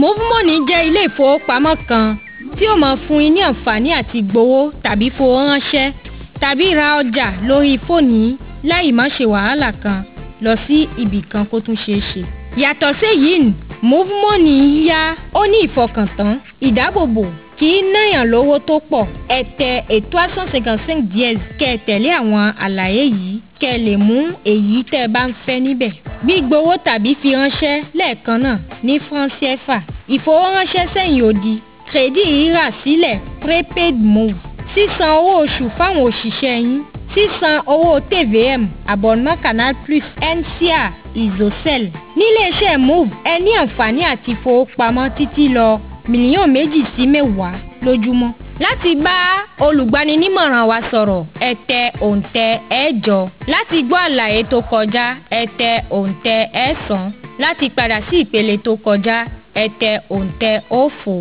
movemoney jẹ́ ilé ìfowópamọ́ kan tí ó máa fún ni ní àǹfààní àti gbowó tàbí fowó ránṣẹ́ tàbí ra ọjà lórí fóònù yín láì má ṣe wàhálà kan lọ sí ibì kan kó tún ṣeé ṣe. yàtọ̀ séyìí movemoney yá ó ní ìfọkàntán ìdáàbòbò kì í náyàn lówó tó pọ̀ ẹ tẹ étoile cent cinquante cinq dièse kẹ́ ẹ tẹ̀lé àwọn àlàyé yìí kẹ́ ẹ lè mú èyí tẹ́ ẹ bá ń fẹ́ níbẹ̀. gbígbowó tàbí fi ránṣẹ́ lẹ́ẹ̀kan náà ní francs CFA ìfowóránṣẹ́ sẹ́yìn odi kírẹ́dì rírà sílẹ̀ prepaid move sísan owó oṣù fáwọn òṣìṣẹ́ yín sísan owó tvm abonnement canal plus ncr isocel níléeṣẹ́ move ẹ ní àǹfààní àti fowópamọ́ títí lọ mílíọ̀nù méjì sí mẹ́wàá lójúmọ́. láti bá olùgbaninímọ̀ràn wa sọ̀rọ̀ ẹ tẹ òǹtẹ̀ ẹ̀jọ láti gbọ́ àlàyé tó kọjá ẹ tẹ òǹtẹ̀ ẹ̀sán láti padà sí ìpele tó kọjá ẹ tẹ òǹtẹ̀ òfo.